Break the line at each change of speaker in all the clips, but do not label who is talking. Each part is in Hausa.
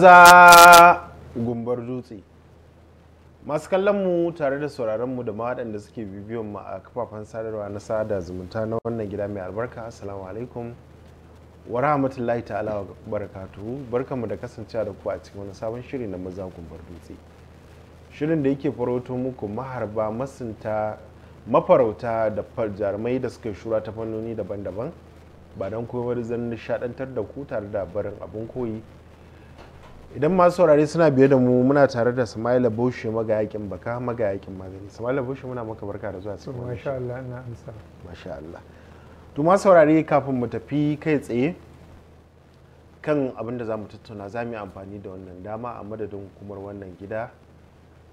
maza gumbar dutse masu mu tare da sauraronmu da waɗanda suke bibiyon mu a kafafen sadarwa na sada zumunta na wannan gida mai albarka assalamu alaikum wa rahmatullahi ta'ala wa barakatuhu barkanmu da kasancewa da ku a cikin wani sabon shiri na maza gumbar dutse shirin da yake farauto muku maharba masinta mafarauta da jarumai da suka shura ta fannoni daban-daban ba don koyar zan nishadantar da ku tare da barin abin koyi idan masu saurare suna biye da mu muna tare da Samaila maga magayakin baka magayakin magani Samaila bushe muna maka barka da zuwa cikin
masha Allah ina amsa
masha Allah to masu saurare kafin mu tafi kai tsaye kan abin da za mu tattauna za mu yi amfani da wannan dama a madadin hukumar wannan gida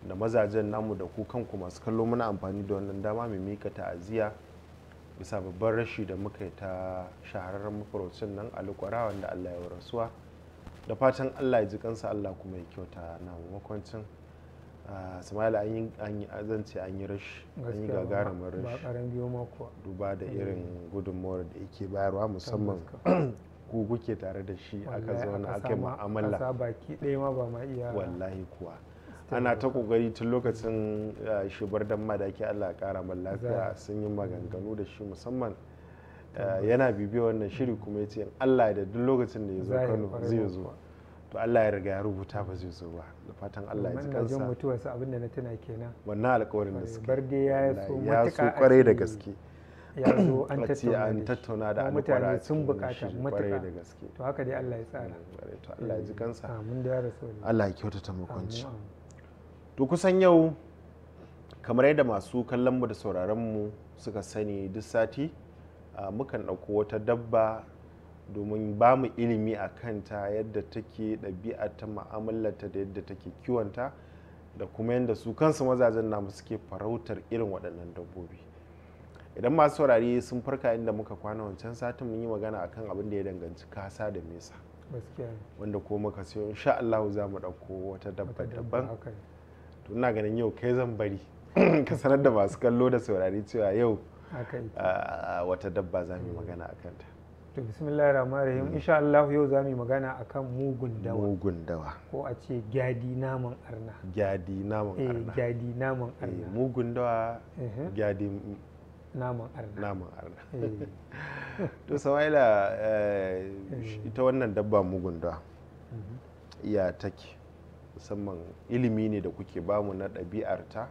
da mazajen namu da ku kanku masu kallo muna amfani da wannan dama mai mika ta'aziyya bisa babban rashi da muka yi ta shahararren mafaraucin nan alukwara wanda Allah ya rasuwa da fatan allah ya ji kansa allah kuma ya kyauta na makwancin samayala an yi azance an yi rashi an yi gagarumin rashi duba da eh. irin gudunmawar da yake bayarwa musamman ku kuke tare da shi aka zauna aka yi mu'amala wallahi kuwa ana ta kokari tun lokacin shibar dan madaki Allah ya kara lafiya sun yi maganganu da shi musamman Eh, yana bibiya wannan shiri kuma ya ce Allah da duk lokacin da ya zo Kano zai zo to Allah ya riga ya rubuta ba zai zo ba da fatan Allah ya ji kansa wannan
mutuwar sa abinda na tuna kenan
wannan alƙawarin da suke barde ya so matuƙa kwarai da gaske
ya zo an tattauna an tattauna da mutane sun bukata matuƙa da gaske to haka dai Allah ya tsara mm, to Allah ya ji eh, kansa amin da ya rasu
Allah ya kyautata makonci to kusan yau kamar yadda masu kallon mu da sauraron mu suka sani duk sati mukan ɗauko wata dabba domin ba mu ilimi a kanta yadda take ɗabi'a ta ma'amalarta da yadda take kiwonta da kuma yadda su kansu mazajen namu suke farautar irin waɗannan dabbobi idan masu saurari sun farka inda muka kwana wancan satin mun yi magana akan abin da ya danganci kasa da mesa wanda ko muka siyo insha Allah za mu ɗauko wata dabba daban to ina ganin yau kai zan bari ka sanar da masu kallo da saurari cewa yau wata dabba za mu yi magana a kanta
to bismillah rahman rahim insha Allah yau za mu yi magana a mugun dawa
mugun dawa
ko a ce gyadi naman arna
gyadi naman eh, arna eh gyadi
naman eh, arna
mugun dawa gyadi
naman arna naman arna eh.
to sawaila ita wannan dabba mugun dawa iya mm-hmm. take musamman ilimi ne da kuke bamu na ɗabi'arta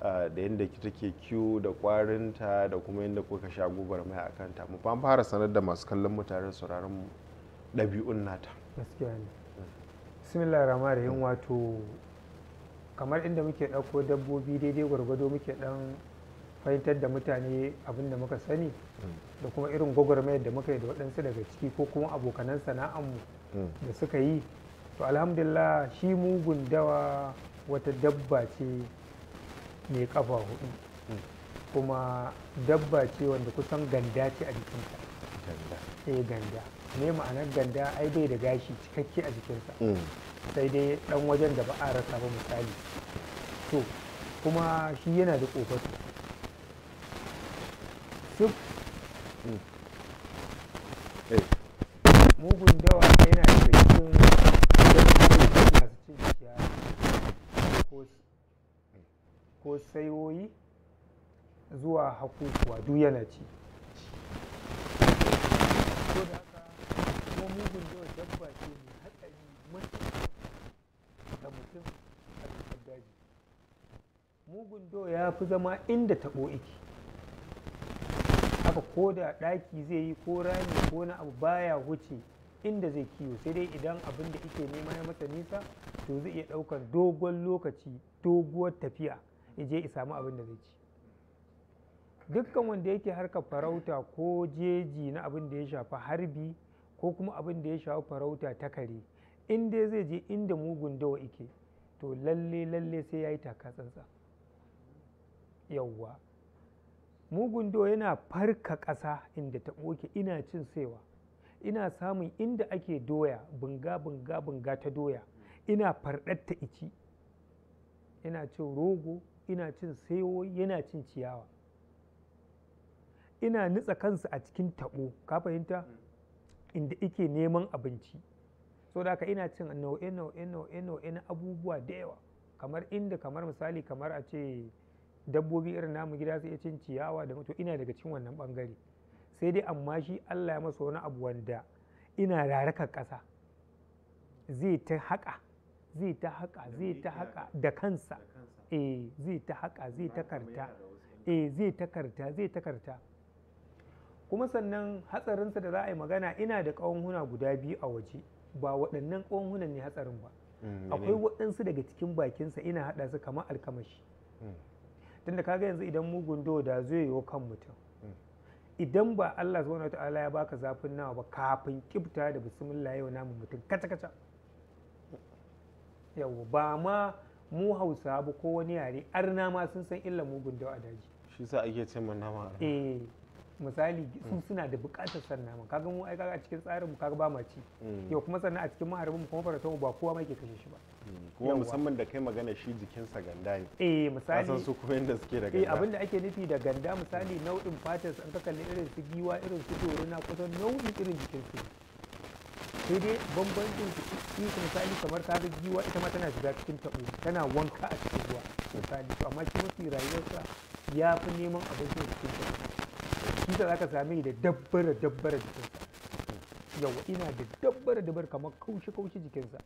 da yadda take kiwo da kwarinta da kuma yadda kuka sha gobar mai a kanta mu fara sanar da masu kallon mu tare sauraron ɗabi'un
nata gaskiya ne bismillah rama da wato kamar inda muke ɗauko dabbobi daidai gwargwado muke ɗan fahimtar da mutane abin da muka sani mm. da kuma irin gwagwarmayar da muka yi da waɗansu daga ciki ko kuma abokanan sana'anmu mm. da suka yi to alhamdulillah shi mugun dawa wata dabba ce mai kafa hudu kuma dabba ce wanda kusan ganda ce a jikinta eh ganda ne ma'anar ganda ai bai da gashi cikakke a jikinsa mm. sai dai dan wajen da ba a rasa ba misali to kuma shi yana da kofato suk mm. eh. mugun dawa yana da cikin masu cin ciya ko ko saiwoyi zuwa hakukuwa duk yana ci ko da haka ko mugun yau dabba ce mai hatsari matuƙa ga mutum a cikin daji mugun do ya fi zama inda taɓo iki haka ko da ɗaki zai yi ko rami ko na abu baya wuce inda zai kiwo sai dai idan abin da ike nema ya masa nisa to zai iya ɗaukar dogon lokaci doguwar tafiya ya je ya samu abin da zai ci dukkan wanda yake harka farauta ko jeji na abin da ya shafa harbi ko kuma abin da ya shafa farauta ta kare in dai zai je inda mugun dawa ike to lalle lalle sai ya yi taka yawwa mugun dawa yana farka ƙasa inda ta ɓoke ina cin saiwa ina samun inda ake doya bunga bunga bunga ta doya ina farɗatta ici ina cin rogo ina cin sayo yana cin ciyawa ina nitsa kansa a cikin taɓo ka fahimta inda ike neman abinci so da ina cin nau'e nau'e nau'e nau'e na abubuwa da yawa kamar inda kamar misali kamar a ce dabbobi irin namu gida sai ya cin ciyawa da mutu ina daga cikin wannan bangare sai dai amma shi Allah ya masa wani abu wanda ina raraka ƙasa zai ta haƙa zai ta haƙa zai ta haƙa da kansa E zai ta haƙa zai ta karta e zai ta karta zai ta karta kuma sannan hatsarinsa da za a yi magana ina da ƙawon guda biyu a waje ba waɗannan ƙawon hunan ne hatsarin ba mm, akwai waɗansu daga cikin bakinsa ina haɗa su kamar alkamashi mm. tunda kaga yanzu idan mugun do da zai yiwu kan mutum mm. idan ba Allah subhanahu ta'ala ya baka zafin nawa ba kafin kibta da bismillah yau namu mutum kaca kaca yau ba ma mu hausa ba ko wani yare arna ma sun san illa mugun dawa daji
shi sa ake ce mun nama
eh misali su mm. suna da bukatar san nama kaga mu ai kaga a cikin tsarin mu kaga ba ma ci mm. yau kuma sannan a cikin maharbin mu kuma faratan ba kowa ma yake kashe shi ba
mm. kuma musamman da kai magana shi jikinsa ganda ne eh misali san su kuma inda suke da eh, ganda eh abinda
ake nufi da ganda misali nau'in fatar an ka kalli irin su giwa irin su doruna kusan nau'in irin jikin su sai dai bambancin su ka misali kamar ka ga giwa ita ma tana shiga cikin taɓo tana wanka a cikin ruwa misali to amma shi mafi rayuwarsa ya fi neman abinci a cikin taɓo shi ta za same da dabbara dabbara jikinsa yawa ina da dabbara dabbara kamar kaushi kaushi jikinsa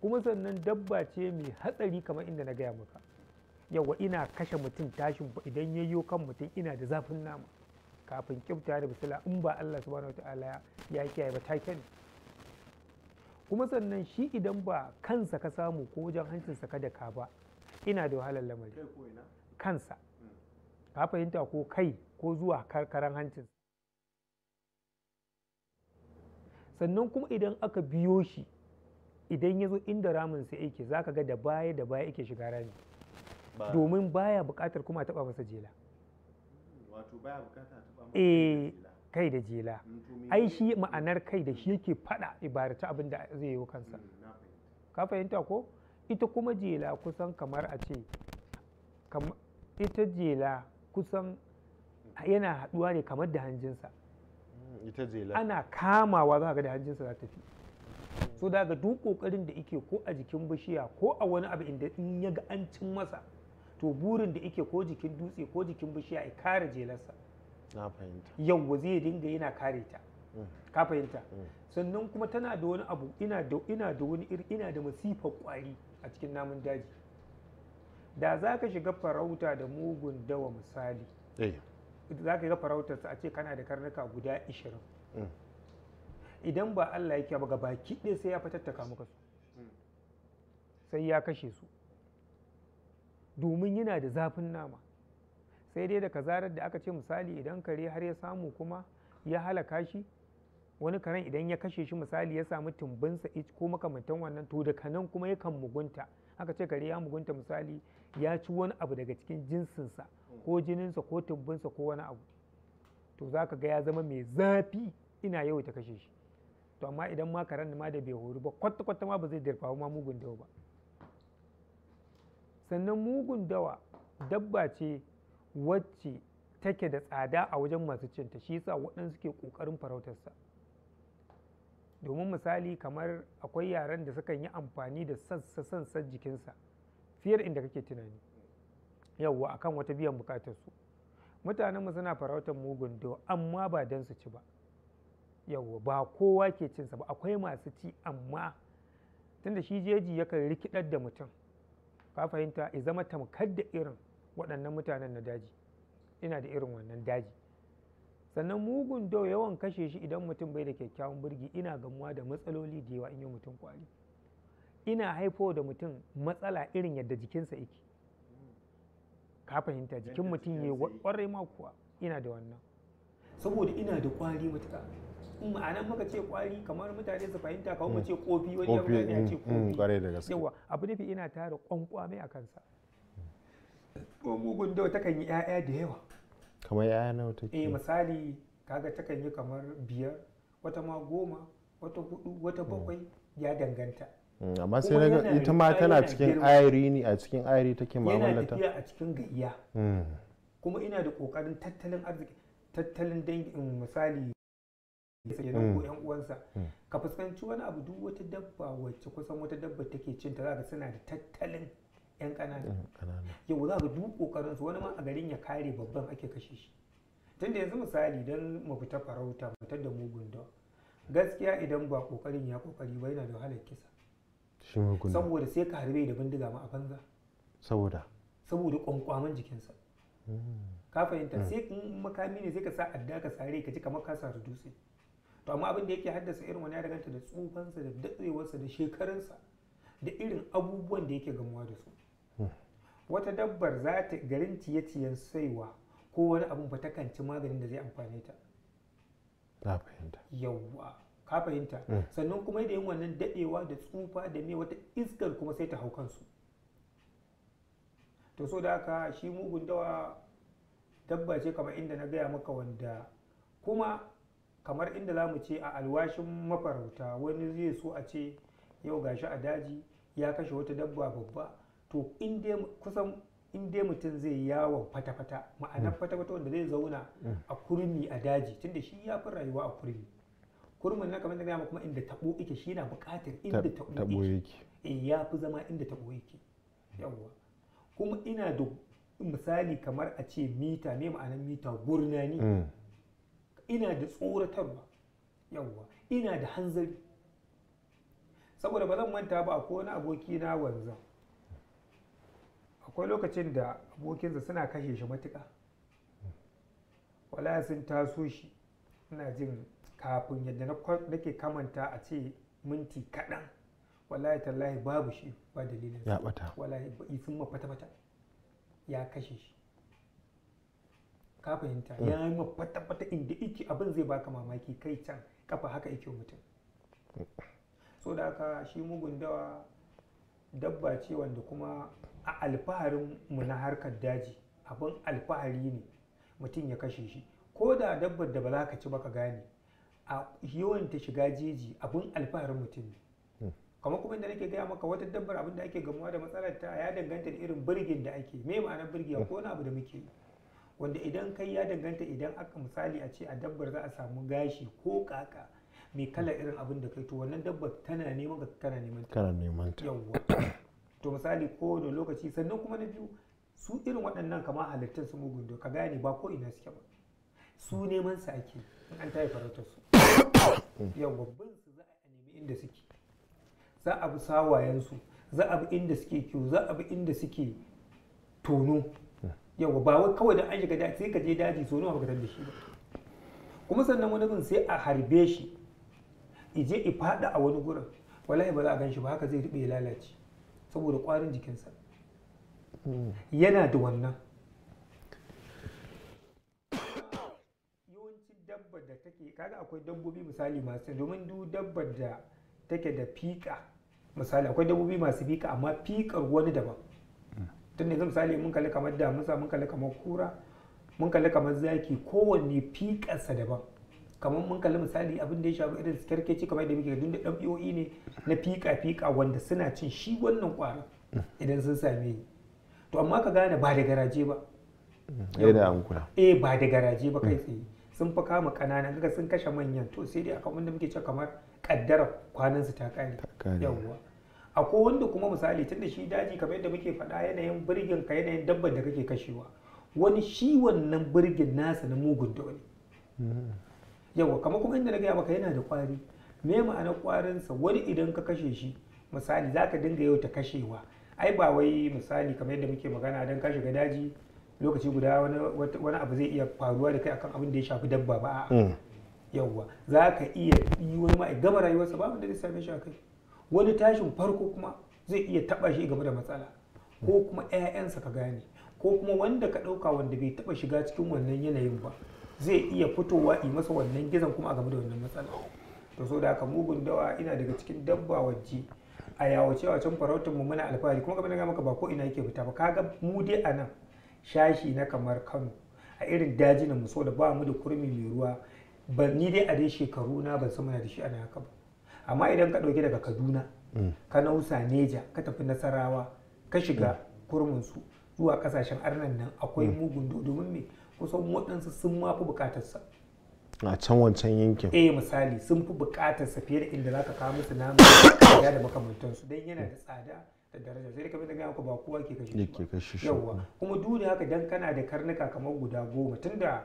kuma sannan dabba ce mai hatsari kamar inda na gaya maka yawa ina kashe mutum tashin idan yayyo kan mutum ina da zafin nama kafin kyauta da bisala in ba Allah subhanahu wa ta'ala ya kiyaye ba take ne kuma sannan shi idan ba kansa ka samu ko wajen hancinsa ka daka ba ina da wahalar lamari kansa hmm. ka fahimta ko kai ko zuwa karkaran hancin sannan kuma idan aka biyo shi idan ya zo inda ramin sai yake za ka ga da baya da baya yake shiga rami domin baya bukatar kuma taɓa masa jela
wato masa
eh, jela kai da jela ai shi ma'anar kai da shi yake faɗa ibarata abin da zai yi kansa hmm, ka fahimta ko ita kuma jela kusan kamar a ce ita jela kusan yana haɗuwa ne kamar da hanjinsa
hmm, ana
kamawa za ka ga da hanjinsa za ta fi so da ga duk kokarin da ike ko a jikin bishiya ko a wani abu inda in ya ga an cin masa to burin da ike ko jikin dutse ko jikin bishiya ya kare jelarsa na fahimta yawwa zai dinga yana kare ta mm. ka fahimta mm. sannan kuma tana da wani abu ina da ina da wani iri ina da masifa kwari a cikin namun daji da za ka shiga farauta da mugun dawa misali eh. za ka shiga farautarsa a ce kana da karnuka guda 20 mm. idan ba Allah yake ba baki ɗaya sai ya fatattaka muka su sai ya kashe su domin yana da zafin nama sai dai da kazarar da aka ce misali idan kare har ya samu kuma ya halaka shi wani karen idan ya kashe shi misali ya samu tumbinsa ko makamantan wannan to daga nan kuma yakan mugunta aka ce kare ya mugunta misali ya ci wani abu daga cikin jinsinsa ko jininsa ko tumbinsa ko wani abu to za ka ga ya zama mai zafi ina yau ta kashe shi to amma idan ma karen ma da bai hori ba kwata-kwata ma ba zai dirfawa ma mugun dawa ba sannan mugun dawa dabba ce wacce take da tsada a wajen masu cinta shi yasa waɗansu ke ƙoƙarin farautarsa domin misali kamar akwai yaren da sukan yi amfani da sassan jikinsa fiye da inda kake tunani yawwa akan wata biyan bukatarsu mutanenmu suna farautar mugun do amma ba don su ci ba yawwa ba kowa ke cinsa ba akwai masu ci amma tunda shi jeji yakan rikidar da mutum ka fahimta ya zama tamkar da irin waɗannan mutanen na daji ina da irin wannan daji sannan mugun dau yawan kashe shi idan mutum bai da kyakkyawan birgi ina gamuwa da matsaloli da yawa in yi mutum kwari ina haifo da mutum matsala irin yadda jikinsa yake ka fahimta jikin mutum ya kwarai ma kuwa ina da wannan saboda ina da kwari matuka in ma'ana muka ce kwari kamar mutane su fahimta kawai mu ce kofi wani ya ce kofi mm, mm, yawa abu nufi ina tara kwankwame a kansa mugun dawa takan yi 'ya'ya da yawa
kamar 'ya'ya nawa take eh
misali kaga takan yi kamar biyar wata ma goma wata hudu wata hmm. bakwai ya danganta hmm, amma sai na ita ma tana cikin ayari
ne a cikin ayari take mu'amalata yana tafiya
a cikin gayya hmm. kuma ina da kokarin tattalin arziki tattalin dangin misali kenan ko yan uwansa ka fuskanci wani abu duk wata dabba wacce kusan wata dabba take cin ta zaka suna da tattalin 'yan
ƙanana
yau za ga duk ƙoƙarin su wani ma a garin ya kare babban ake kashe shi tunda yanzu misali don mu fita farauta fitar da mugun da gaskiya idan ba ƙoƙarin ya ƙoƙari ba yana da wahalar kisa saboda sai ka harbe da bindiga ma a banza saboda saboda ƙwanƙwaman jikinsa hmm. ka fahimta hmm. sai makami ne sai ka sa adda ka sare ka ji kamar ka sa dutse to amma abin da yake haddasa irin wani ya danganta da tsufansa da datsewarsa da shekarunsa da irin abubuwan da yake gamuwa da su wata dabbar za ta garin ciye-ciyen saiwa ko wani abun ba takan ci maganin da zai amfani ta na fahimta yawwa ka fahimta mm. sannan kuma da yin wannan dadewa da tsufa da me wata iskar kuma sai ta hau kansu to so da haka shi mugun dawa dabba ce kamar inda na gaya maka wanda kuma kamar inda za mu ce a alwashin mafarauta wani zai so a ce yau gashi a daji ya kashe wata dabba babba to kusan in dai mutum zai yawon fata-fata ma'ana mm. fata-fata wanda zai zauna mm. a kurmi a daji tunda shi ya fi rayuwa a kurmi kurmin na kamar da gama kuma inda tabo yake shi na buƙatar inda tabo yake eh, ya fi zama inda tabo yake yawwa kuma ina da misali kamar a ce mita me ma'anar mita gurnani mm. ina da tsoratarwa yawwa ina da hanzari saboda ba zan manta ba a wani aboki na wanzan akwai lokacin da abokinsa suna kashe shi matuka wala sun taso shi ina jin kafin yadda nake kamanta a ce minti kaɗan wallahi tallahi babu shi ba dalilin ya bata wallahi sun mafata fata ya kashe shi ka fahimta hmm. ya yi ma fata inda iki abin zai baka mamaki kai can kafa haka yake mutum hmm. so da haka shi mugun dawa dabba ce wanda kuma a alfaharin mu na harkar daji abin alfahari ne mutum ya kashe shi ko da dabbar da ba za ka ci ba ka gane a yawan ta shiga jeji abin alfaharin mutum ne hmm. kamar kuma da nake gaya maka wata dabbar abin da ake gamuwa da matsalar ta ya danganta da irin birgin da ake me ma'anar birgiya hmm. ko na abu da muke yi wanda idan kai ya danganta idan aka misali a ce a dabbar za a samu gashi ko kaka mai kala irin abin da kai to wannan dabba tana neman ka kana neman ta kana neman ta yawwa to misali da lokaci sannan kuma na biyu su irin waɗannan kama halittun su mugun ka gane ba ko ina suke ba su neman su ake in an tayi farautar su yawwa bin su za a nemi inda suke za a bi sawayen su za a bi inda suke kiwo za a bi inda suke tono yawwa ba wai kawai da an shiga daji sai ka je daji so nawa ka da shi ba kuma sannan wani bin sai a harbe shi ije i fada a wani gurin wallahi ba za a ganshi ba haka zai rube ya lalace saboda kwarin jikinsa yana da wannan yawancin dabba da take kaga akwai dabbobi misali masu domin duk dabbar da take da fika misali akwai dabbobi masu fika amma fikar wani daban tun da misali mun kalli kamar damusa mun kalli kamar kura mun kalli kamar zaki kowanne fikarsa daban kamar mun kalli misali abin da ya shafi irin su tarkeci kamar da muke ga da ɗabi'o'i ne na fika-fika wanda suna cin shi wannan ƙwarin idan sun same yi to amma ka gane ba da garaje ba da an kula eh ba da garaje ba kai tsaye sun fa kama ƙananan kaga sun kashe manyan to sai dai akan wanda muke cewa kamar kaddara su ta kare yawwa akwai wanda kuma misali tunda shi daji kamar yadda muke faɗa yanayin birgin ka yanayin dabban da kake kashewa wani shi wannan birgin nasa na mugun da yawa kama kuma inda na gaya maka yana da kwari me ma'anar kwarinsa wani idan ka kashe shi misali za ka dinga yau ta kashewa ai ba wai misali kamar yadda muke magana don ka shiga daji lokaci guda wani abu zai iya faruwa da kai akan abin da ya shafi dabba ba mm. yawa za ka iya yi wani ma'a gama rayuwarsa ba wanda zai same shi a kai wani tashin farko kuma zai iya taba shi game da matsala ko kuma 'ya'yansa ka gane ko kuma wanda ka ɗauka wanda bai taba shiga cikin wannan yanayin ba zai iya fitowa yi masa wannan gizon kuma a game da wannan matsala to so da haka mugun dawa ina daga cikin dabba wacce a yawace a can farautar mu muna alfahari kuma kamar na maka ba ko ina yake fita ba kaga mu dai a nan shashi na kamar Kano a irin dajinan mu so da ba mu da kurmi mai ruwa ba ni dai a dai shekaru na ban san na da shi ana haka ba amma idan ka dauke daga Kaduna mm. ka nausa Neja ka tafi Nasarawa ka shiga mm. kurmin su zuwa kasashen arnan nan akwai mm. mugun domin me kusan waɗansu sun ma fi bukatarsa
a can wancan yankin eh
misali sun fi bukatarsa fiye da inda zaka kawo musu nama ya da makamantansu don yana da tsada da daraja sai kamar da ba kowa ke kashe shi yawa kuma duniya haka dan kana da karnuka kamar guda goma tunda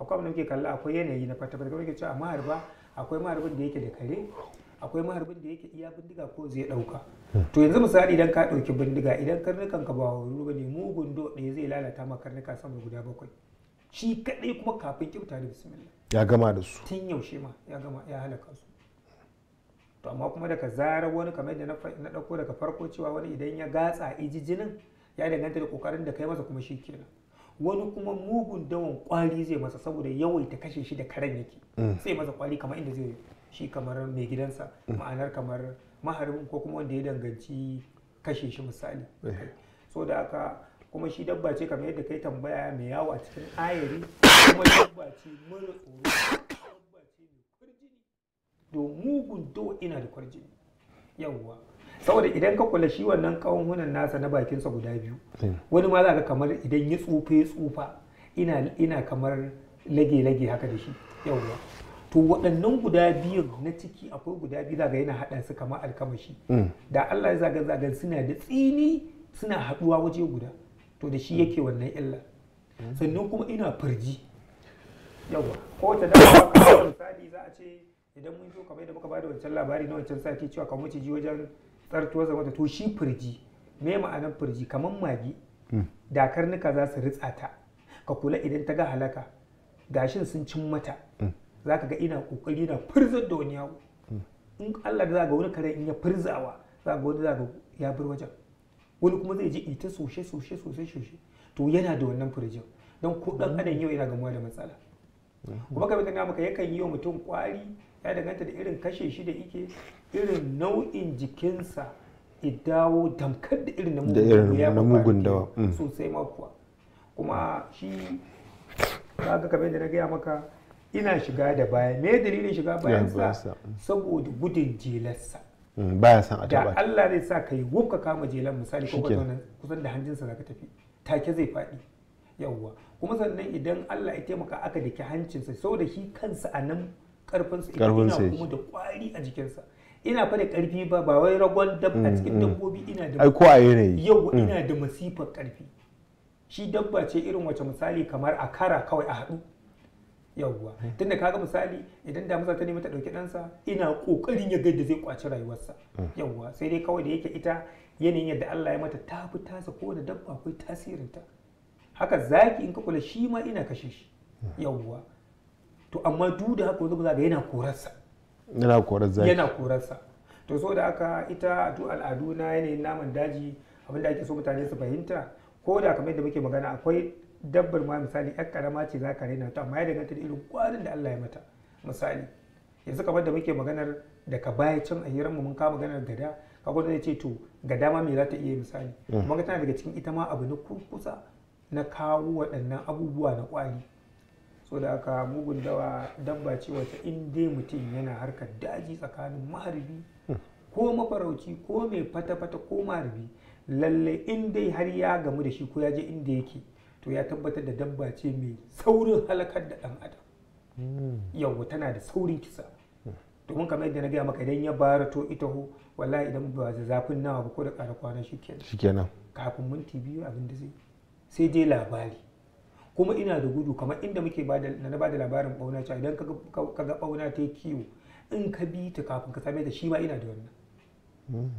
akwai abin da muke kalla akwai yanayi na fata fata kamar ke cewa maharba akwai maharbin da yake da kare akwai maharbin da yake iya bindiga ko zai dauka to yanzu misali idan ka dauki bindiga idan karnukan ka ba wuri ba ne mugun do ɗaya zai lalata ma karnuka sama guda bakwai shi kaɗai kuma kafin kyauta. da bismillah
ya gama da su
tun yaushe ma ya gama ya halaka su to amma kuma daga zarar wani kamar da na ɗauko daga farko cewa wani idan ya gatsa iji jinin ya danganta da kokarin da kai masa kuma shi kenan wani kuma mugun dawan kwari zai masa saboda yawaita kashe shi da karen yake sai mm. masa kwari kamar inda zai shi kamar mai gidansa mm. ma'anar kamar maharin ko kuma wanda ya danganci kashe shi misali eh. so da aka kuma shi dabba ce kamar yadda kai tambaya mai yawo a cikin ayari kuma dabba ce mara tsoro dabba ce mai kwarjini don mugun do ina da kwarjini yawwa saboda idan ka kula shi wannan hunan nasa na bakinsa guda biyu hmm. wani ma za ka kamar idan ya tsufa ya tsufa ina kamar lage-lage haka da shi yawwa to waɗannan guda biyun na ciki akwai guda biyu zaga yana haɗa su kamar alkamashi hmm. da Allah ya zaga zaga suna da tsini suna haɗuwa waje guda to da shi hmm. yake wannan illa hmm. sannan kuma ina firji yawa ko ta da misali za a ce idan mun zo kamar yadda muka bada wancan labari na wancan sati cewa kamar ji wajen tsartuwar zama to shi firji me ma'anar firji kamar magi hmm. karnuka za su ritsa ta ka kula idan ta ga halaka gashin sun cin mata za ka ga ina kokari na firzar da wani yawo in Allah da za ga wani kare in ya firzawa za ga wani za ga ya bar wajen wani kuma zai je ita soshe soshe soshe soshe to yana da wannan firjin don ko dan adam yau yana gamuwa da matsala kuma kamar da na maka yakan yi wa mutum kwari ya danganta da irin kashe shi da yake irin nau'in jikinsa ya dawo damkar da irin na mugun dawa mm. sosai ma kuwa kuma shi ka kamar da na gaya maka ina shiga da baya me dalilin shiga bayansa mm. saboda gudun jelarsa
Mm, baya san a taba da
Allah zai sa kai wuka kama jelan misali ko ka kusan da zaka tafi take zai faɗi yawwa kuma sannan idan Allah ya taimaka aka daki hancinsa da shi kansa a nan karfinsa ina kuma da kwari a jikinsa ina fa da karfi ba ba wai ragon dab a mm, cikin mm. dabbobi ina da ko a yanayi yau ina da masifar karfi shi dabba ce irin wace misali kamar a kara kawai a haɗu yawwa tunda kaga misali idan da masa ta nemi ta dauki ɗansa ina kokarin ya da zai kwaci rayuwarsa mm. yawwa sai dai kawai da yake ita yanayin yadda Allah ya mata ta fi tasa ko da dabba akwai ta haka zaki in ka kula shi ma ina kashe shi mm. yawwa to amma duk da haka wanda za ga yana korarsa
yana korar zaki yana
korarsa to so da haka ita a duk al'adu na yanayin naman daji abinda ake so mutane su fahimta ko da kamar yadda muke magana akwai dabbar ma misali yar karama ce za ka raina ta amma ya danganta da irin kwarin da Allah ya mata misali yanzu kamar da muke maganar da ka baya can a hirar mu mun kama maganar gada ka gwada zai ce to gada ma me za ta iya misali kuma mm. tana daga cikin ita ma abu na kurkusa na kawo waɗannan abubuwa na kwari so da aka mugun dawa dabba ce wata in dai mutum yana harkar daji tsakanin maharbi mm. ko mafarauci ko mai fata-fata ko maharbi lallai in dai har ya gamu da shi ko ya je inda yake to ya tabbatar da dabba ce mai saurin halakar da ɗan adam hmm. yau tana da saurin kisa hmm. domin kamar yadda na gaya maka idan ya bara to ita ho wallahi idan ba da zafin nawa ba ko da ƙara kwana shi kenan kafin minti biyu abin da zai sai dai labari kuma ina da gudu kamar inda muke na ba da labarin bauna cewa idan ka ga ɓauna ta yi kiwo in ka bi ta kafin ka same ta shi ma ina da wannan hmm.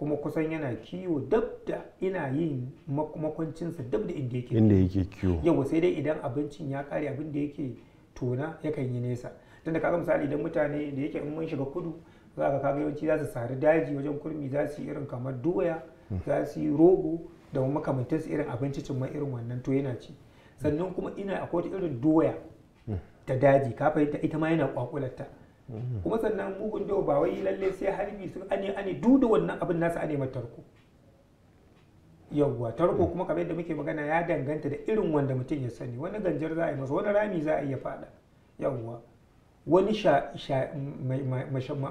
kuma kusan yana kiwo dab da ina yin makwancinsa dab da inda yake inda yake kiwo yawa sai dai idan abincin ya kare abin da yake tona yakan yi nesa tun da kaga misali idan mutane da yake in mun shiga kudu za ka kaga yawanci za su sari daji wajen kurmi za su yi irin kamar doya hmm. za su yi rogo da makamantansu irin abincicin ma irin wannan to yana ci sannan kuma ina akwai irin doya hmm. ta daji kafin fahimta ita ma yana kwakularta kuma sannan mugun dawa ba wai lalle sai harbi su ane ane duda wannan abin nasa ane tarko yawwa tarko kuma kamar yadda muke magana ya danganta da irin wanda mutum ya sani wani ganjar za a yi masa wani rami za a iya fada yawwa wani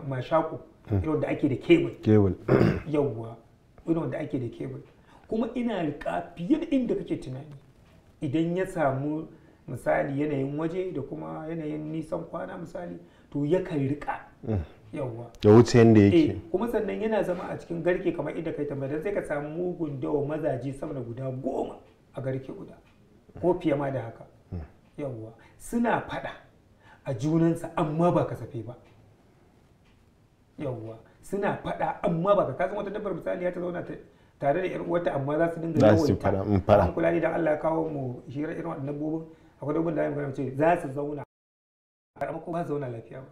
mashaku hmm. irin da ake da kebul yawwa irin wanda ake da kebul kuma ina riƙa fiye da inda kake tunani idan ya samu misali yanayin waje da kuma yanayin nisan kwana misali to ya kai rika mm. yawwa
ya wuce yadda yake eh,
kuma sannan yana zama a cikin garke kamar inda kai tambaya sai ka samu mugun dawa mazaje sama da guda goma a garke guda ko fiye ma da haka mm. yawwa suna fada a junansa amma ba safe ba yawwa suna fada amma ba ka san wata dabbar misali ya ta zauna ta tare da 'yar uwarta amma za su dinga yawaita mm, an kula ne don Allah ya kawo mu hira irin waɗannan bobin akwai dogon da ayyukan ce za su zauna a ɗan kuma zauna lafiya ba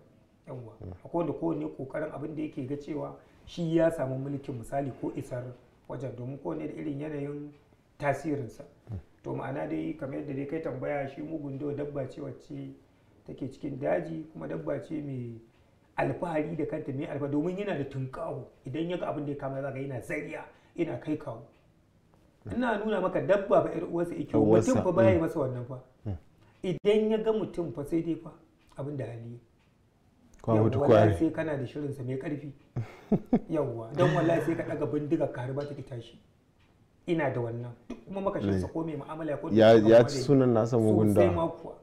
yawwa hmm. akwai wanda kowane kokarin abin da yake ga cewa shi ya samu mulkin misali ko isar wajen domin kowane da irin yanayin tasirinsa hmm. to ma'ana dai kamar yadda dai kai tambaya shi mugun da dabba ce wacce take cikin daji kuma dabba ce mai alfahari da kanta mai alfahari. domin yana da tunkawo idan ya ga abin da ya kama za yana zariya yana kai kawo ina nuna maka dabba ba uwarsa yake mutum fa baya mm. masa wannan fa mm. idan ya ga mutum fa sai dai fa abin da hali yawwa mutu sai kana da shirin sa mai karfi yawwa don wallahi sai ka daga bindiga ka harba ta ki tashi ina da wannan duk kuma maka shi ko mai mu'amala ko ya ci sunan nasa ma kuwa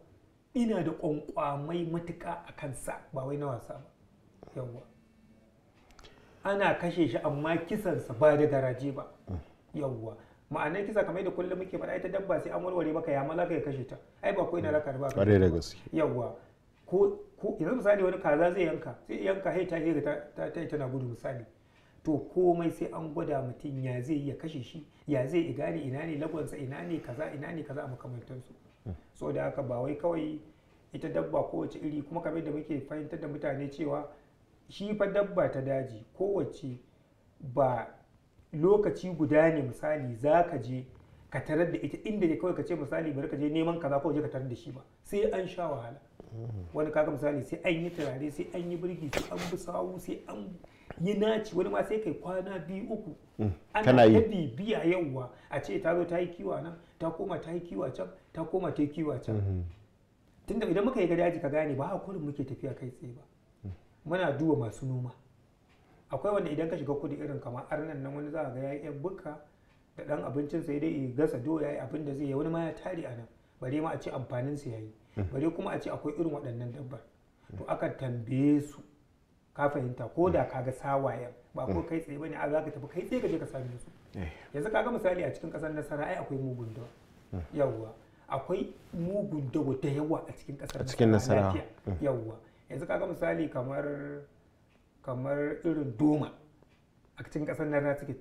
ina da kwankwamai matuka a kansa ba wai na wasa ba yawwa ana kashe shi amma kisansa ba da daraje ba mm. yawwa ma'anar kisa kamar da kullum muke faɗa ita dabba sai an warware maka ya malaka ya kashe ta ai ba ko ina raka ba ka da gaske yawa ko ko yanzu misali wani kaza zai yanka sai yanka hai ta ta ta tana gudu misali to komai sai an gwada mutum ya zai ya kashe shi ya zai gane ina ne ina ne kaza ina ne kaza a makamantansu so da haka ba wai kawai ita dabba kowace iri kuma kamar da muke fahimtar da mutane cewa shi fa dabba ta daji kowace ba lokaci guda ne misali za ka je ka tarar da ita inda ne kawai ka ce misali bari ka je neman kaza ko je ka tarar da shi ba sai an sha wahala wani kaga misali sai an yi turare sai an yi birki sai an bi sawu sai an yi naci wani ma sai kai kwana biyu uku mm, ana ta bibiya yauwa a ce ta zo ta yi kiwa nan ta koma ta yi kiwa can ta koma ta yi kiwa can mm-hmm. tunda idan muka yi gadaji ka gane ba a kurin muke tafiya kai tsaye ba mm. muna duba masu noma akwai wanda idan ka shiga kudi irin kamar arnan nan wani za ga yayi yan bukka da dan abincin sai dai gasa doya yayi abin da zai yi wani ma ya tare a nan bare ma a ce amfanin sa yayi hmm. bare kuma a ce akwai irin waɗannan dabbar to hmm. aka tambaye su ka fahimta ko da hmm. kaga sawayen ba ko kai tsaye bane a za ka tafi kai tsaye ka je ka same su eh. yanzu kaga misali a cikin ƙasar nasara ai akwai mugun dawa yawwa akwai mugun dawa da yawa a cikin ƙasar nasara yawwa yanzu kaga misali kamar kamar irin doma a cikin ƙasar nan suke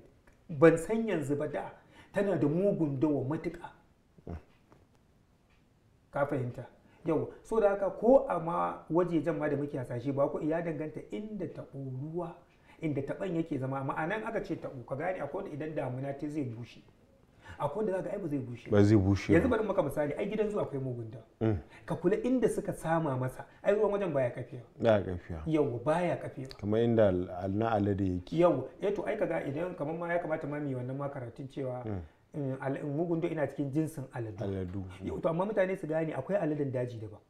ban san yanzu ba da tana da mugun dawa matuka ka fahimta yau so da haka ko a ma wajejen ma da muke hasashe ba ko ya danganta inda taɓo ruwa inda taɓan yake zama ma'anan aka ce taɓo ka gane akwai idan damuna ta zai bushe akwai wanda zaka ai ba zai bushe ba zai bushe yanzu bari maka misali ai gidan zuwa akwai mugunta mm. ka kula inda suka sama masa ai ruwan wajen baya kafiya baya kafiya yawa baya kafiya
kamar inda na alade yake
yawa eh to ai kaga idan kamar ma ya kamata ma mu wannan ma karatun cewa mm. mugun ina cikin jinsin aladu yau to amma mutane su gane akwai aladen daji daban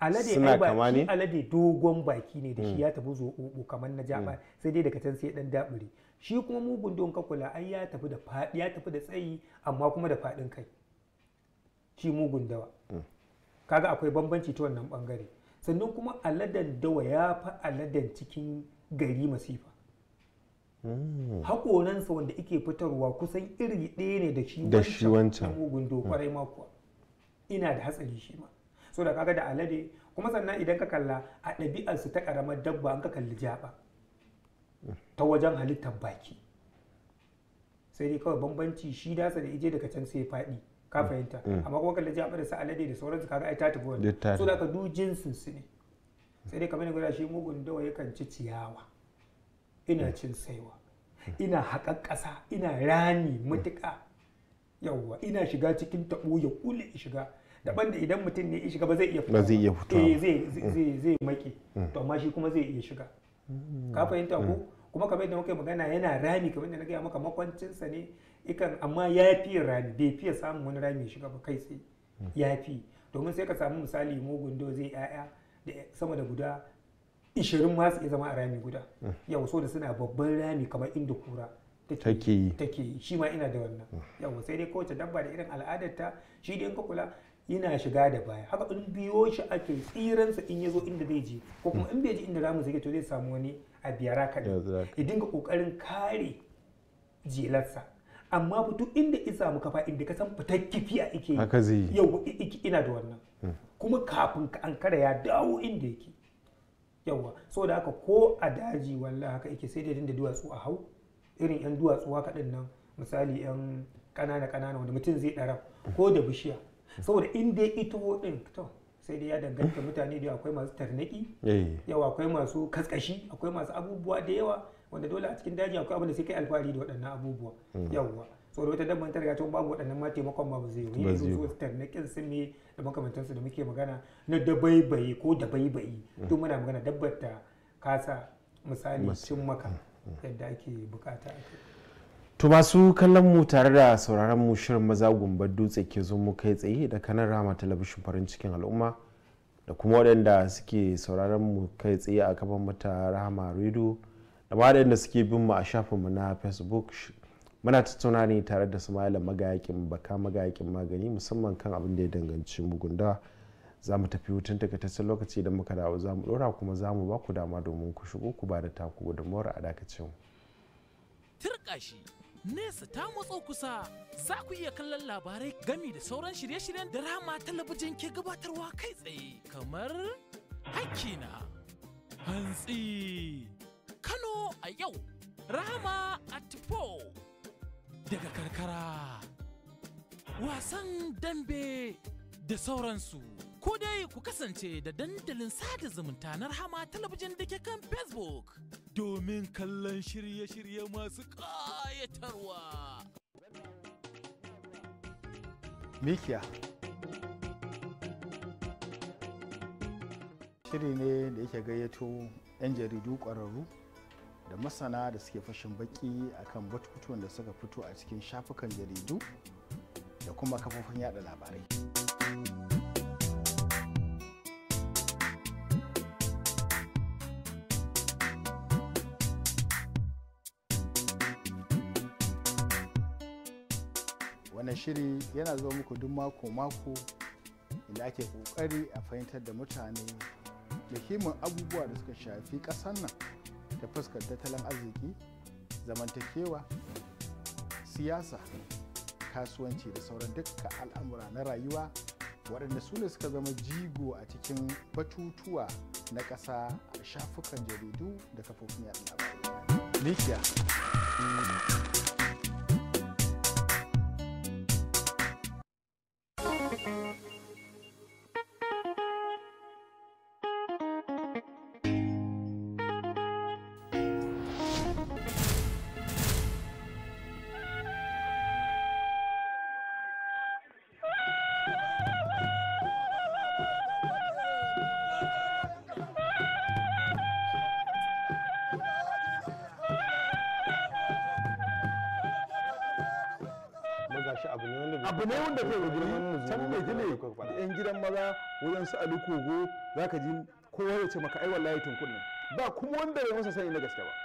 alade ai ba alade dogon baki ne da shi mm. ya tafi zo kamar na jaba sai dai daga can sai dan dabure shi kuma mugun don ka kula ai ya tafi da faɗi ya tafi da tsayi amma kuma da faɗin kai shi mugun dawa mm. kaga akwai bambanci ta wannan bangare sannan kuma aladan dawa ya fa aladan cikin gari masifa mm. haƙonansa wanda ike fitarwa kusan iri ɗaya ne da shi wancan mugun do kwarai mm. makuwa ina da hatsari shi ma so da kaga da alade kuma sannan idan ka kalla a ɗabi'arsu ta ƙaramar dabba an ka kalli jaba ta wajen halittar baki sai dai kawai bambanci shi datsa da ije daga can sai faɗi ka mm. fahimta mm. amma kuma kallaci a da alade da sauransu kaga ai ta tafi wani so da ka du jinsin su ne sai dai kamar gura shi mugun dawa yakan ci ciyawa ina mm. cin saiwa ina haƙar ƙasa ina rani matuƙa yawwa ina shiga cikin taɓo ya kule shiga daban da idan mutum ne ya shiga ba zai iya fitowa eh, zai iya fitowa zai zai zai maki to amma shi kuma zai iya shiga ka fahimta ko kuma kamar yadda muka magana yana rami kamar yadda na gaya maka makwancinsa ne ikan amma ya fi rami bai fiye samun wani rami shiga ba kai tsaye ya fi domin sai ka samu misali mugun do zai yaya da sama da guda ishirin ma su iya zama a rami guda yawa so da suna babban rami kamar inda kura take yi take shi ma ina da wannan yawa sai dai kowace dabba da irin al'adarta shi dai in ka kula yana shiga da baya haka in biyo shi ake tsiransa in ya zo inda zai je ko kuma in bai je inda ramin zai to zai samu wani a biyara kaɗai ya dinga ƙoƙarin kare jelarsa amma fito inda isa muka kafa inda ka san fitar kifi a ike yau ina da wannan hmm. kuma kafin ka ankara ya dawo inda yake yawa saboda haka ko a daji wallah haka yake sai dai dinda duwatsu a hau irin yan duwatsu haka nan misali yan kanana kanana wanda mutum zai ɗara ko da bishiya hmm. saboda inda dai ito din to sai dai ya danganta mutane da akwai masu tarnaki eh. Yau akwai masu kaskashi akwai masu abubuwa da yawa wanda dole a cikin daji akwai abin da sai kai alfahari da waɗannan abubuwa hmm. yawa tsoro wata dabban ta riga babu waɗannan ma taimakon ba zai yi su tarnakin su ne da makamantansu da muke magana na dabaibaye ko dabaibayi hmm. duk muna magana dabbar ta kasa misali cin maka hmm. yadda ake bukata a ake
To masu kallon mu tare da sauraron mu shirin maza gumbar dutse ke zo mu kai tsaye da kanan rama talabishin farin cikin al'umma da kuma waɗanda suke sauraron mu kai tsaye a kafan mata rama radio da ma waɗanda suke bin mu a shafin mu na facebook muna tattauna ne tare da sumayila magayakin baka magayakin magani musamman kan abin da ya danganci mugunda za mu tafi hutun takaitaccen lokaci idan muka dawo za mu ɗora kuma za mu ba ku dama domin ku shigo ku ba da taku gudunmawar a dakacin.
nesa ta matso kusa za ku iya kallon labarai gami da sauran shirye-shiryen da rama talabijin ke gabatarwa kai tsaye kamar hakina hantsi kano a yau rama a tifo daga karkara wasan dambe da sauransu ko dai ku kasance da dandalin sada zumunta na rama talabijin da ke kan facebook domin kallon shirye-shirye masu ƙayatarwa.
Mikiya. Shiri ne da yake gayyato 'yan jaridu ƙwararru da masana da suke fashin baki akan batutuwan da suka fito a cikin shafukan jaridu da kuma kafofin yada labarai. wannan shiri yana zuwa muku duk mako-mako inda ake kokari a fahimtar da mutane muhimmin abubuwa da suka shafi ƙasar nan da fuskar tattalin arziki zamantakewa siyasa kasuwanci da sauran dukkan al'amura na rayuwa waɗanda su ne suka zama jigo a cikin batutuwa na ƙasa a shafukan jaridu da kafofin yaɗa labarai. Likiya. abu ne wanda kai gurgurman can bai gile
yan gidan maza wajen su za zaka ji kowa ya ce maka ai wallahi tunkun nan ba kuma wanda ya masa sani na gaske ba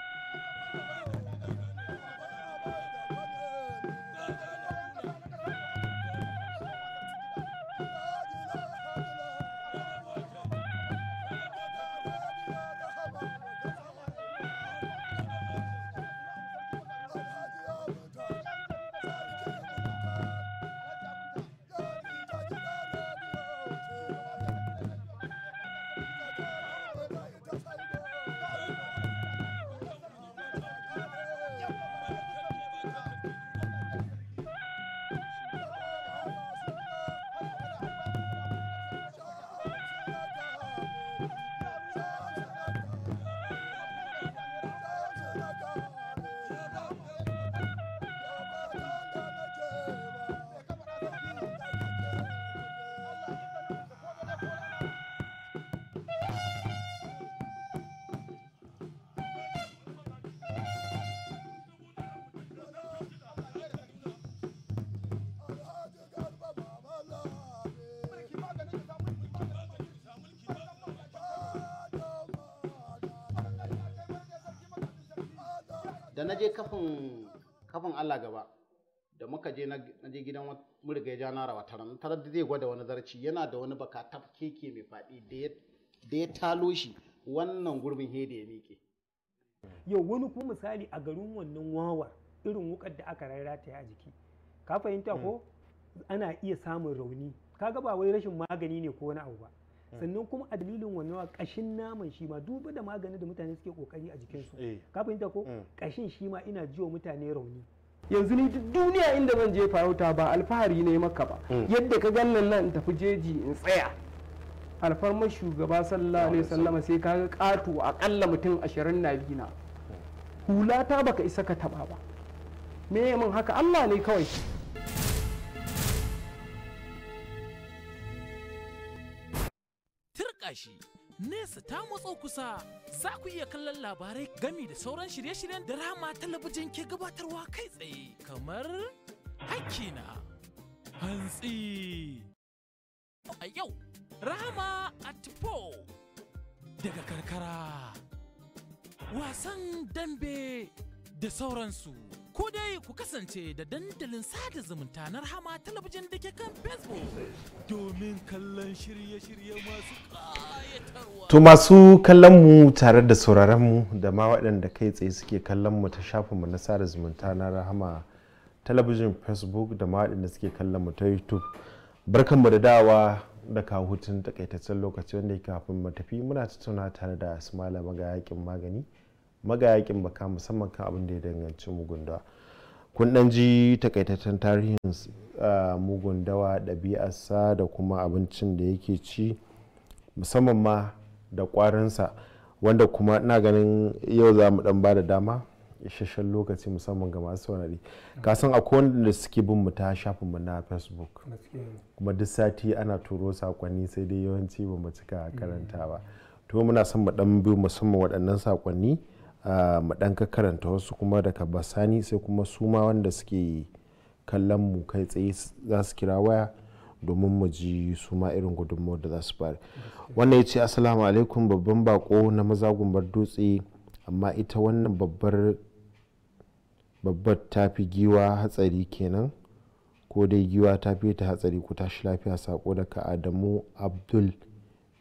je kafin kafin Allah gaba da muka je na je gidan murga ya ja na rawa ran zai gwada wani zarci yana da wani baka keke mai faɗi da ya talo shi wannan gurbin hede ya miƙe
yau wani kuma misali a garin wannan wawar irin wukar da aka rarrata a jiki ka fahimta ko mm. ana iya samun rauni kaga ba wai rashin magani ne ko wani abu ba Mm. sannan kuma a dalilin wannan kashin naman shi ma duba da magani da mutane suke kokari a jikinsu eh. ka fahimta ko mm. kashin shi ma ina jiwa mutane rauni yanzu ni duk duniya inda zan je
farauta ba alfahari ne maka ba mm. yadda ka gannan nan tafi jeji in tsaya Alfarma shugaba sallallahu alaihi sallama sai ka katu akalla mutum ashirin na na. hula ta baka isa ka taba ba me min haka Allah ne kawai shi. Nesa ta matso kusa za ku iya kallon labarai gami da sauran shirye-shiryen da rama talabijin ke gabatarwa kai tsaye kamar hakina hantsi. A yau, rama at daga karkara, wasan dambe da sauransu. ko dai ku kasance da dandalin sada zumunta na Rahama talabijin da ke kan Facebook domin kallon shirye-shirye
masu To masu kallon mu tare da sauraron mu da ma waɗanda kai tsaye suke kallon mu ta shafin mu na sada zumunta na Rahama talabijin Facebook da ma waɗanda suke kallon mu ta YouTube. barkan mu da dawa da kawo hutun takaitaccen lokaci wanda ya kafin mu tafi muna tattauna tare da ga yakin Magani. magayakin baka musamman kan abin da ya danganci mugunda kun dan ji takaitaccen tarihin ah, mugun dawa ɗabi'arsa da kuma abincin da yake ci musamman ma da kwarinsa wanda kuma na ganin yau za mu dan ba da dama isasshen lokaci musamman ga masu saurari kasan san akwai wanda suke bin mu ta shafinmu na facebook kuma duk sati ana turo sakonni sai dai yawanci ba mu cika mm. karanta ba to muna son mu dan bi musamman waɗannan sakonni mu dan karanta wasu kuma daga basani sai kuma su ma wanda suke kallon mu kai tsaye za su kira waya domin mu ji su ma irin gudunmawar da za su bari wannan ya ce assalamu alaikum babban bako na maza bar dutse amma ita wannan babbar babbar ta fi giwa hatsari kenan ko dai giwa ta fi ta hatsari ku tashi lafiya sako daga adamu abdul